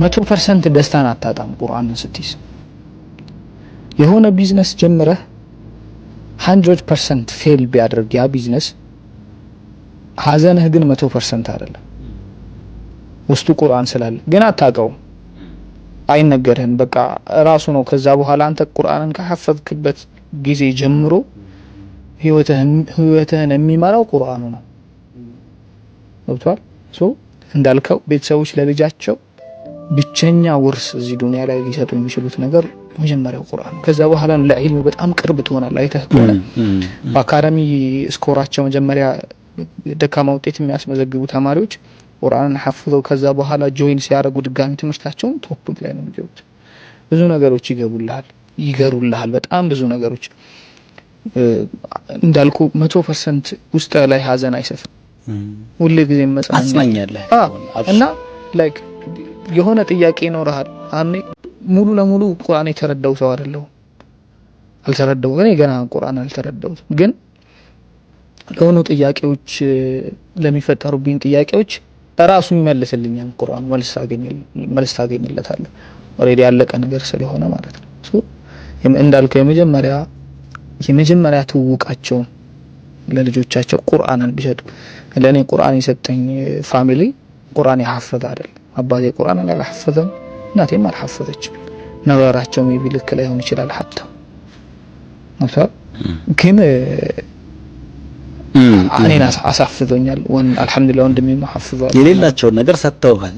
መቶ ፐርሰንት ደስታን አታጣም። ቁርአንን ስትይዝ የሆነ ቢዝነስ ጀምረህ ሀንድረድ ፐርሰንት ፌል ቢያደርግ ያ ቢዝነስ ሀዘንህ ግን መቶ ፐርሰንት አይደለም። ውስጡ ቁርአን ስላለ ግን አታውቀውም፣ አይነገርህም። በቃ ራሱ ነው። ከዛ በኋላ አንተ ቁርአንን ከሐፈዝክበት ጊዜ ጀምሮ ህይወትህን የሚመራው ቁርአኑ ነው። ገብቷል? እንዳልከው ቤተሰቦች ለልጃቸው ብቸኛ ውርስ እዚህ ዱንያ ላይ ሊሰጡ የሚችሉት ነገር መጀመሪያው ቁርአን ከዛ በኋላ ለዒልም በጣም ቅርብ ትሆናል። አይተህ ከሆነ በአካዳሚ ስኮራቸው መጀመሪያ ደካማ ውጤት የሚያስመዘግቡ ተማሪዎች ቁርአንን ሐፍዘው ከዛ በኋላ ጆይን ሲያደርጉ ድጋሚ ትምህርታቸውን ቶፕ ላይ ነው የሚገቡት። ብዙ ነገሮች ይገቡልሃል ይገሩልሃል። በጣም ብዙ ነገሮች እንዳልኩ መቶ ፐርሰንት ውስጥ ላይ ሀዘን አይሰፍም። ሁሌ ጊዜ መጽናኛለህ እና ላይክ የሆነ ጥያቄ ይኖርሃል። አኔ ሙሉ ለሙሉ ቁርአን የተረዳው ሰው አይደለሁም። አልተረዳው ግን ገና ቁርአን አልተረዳው ግን ለሆኑ ጥያቄዎች ለሚፈጠሩብኝ ጥያቄዎች ራሱ ይመልስልኛል ቁርአን መልስ ታገኝለታለህ። ኦልሬዲ ያለቀ ነገር ስለሆነ ማለት ነው። እንዳልከው የመጀመሪያ የመጀመሪያ ትውውቃቸውን ለልጆቻቸው ቁርአንን ቢሰጡ ለእኔ ቁርአን የሰጠኝ ፋሚሊ ቁርአን የሀፍዝ አይደለም አባቴ ቁርአን አላሐፈዘም፣ እናቴም አልሐፈዘችም። ነበራቸው ቢ ልክ ሆን ይችላል። ሀታ ግን እኔን አሳፍዞኛል። አልሐምዱሊላህ ወንድሜ አሐፍዟል። የሌላቸውን ነገር ሰጥተውሃል።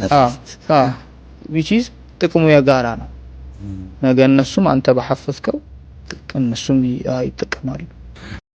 is ጥቅሙ የጋራ ነው። ነገ እነሱም አንተ ባሐፈዝከው እነሱም ይጠቀማሉ።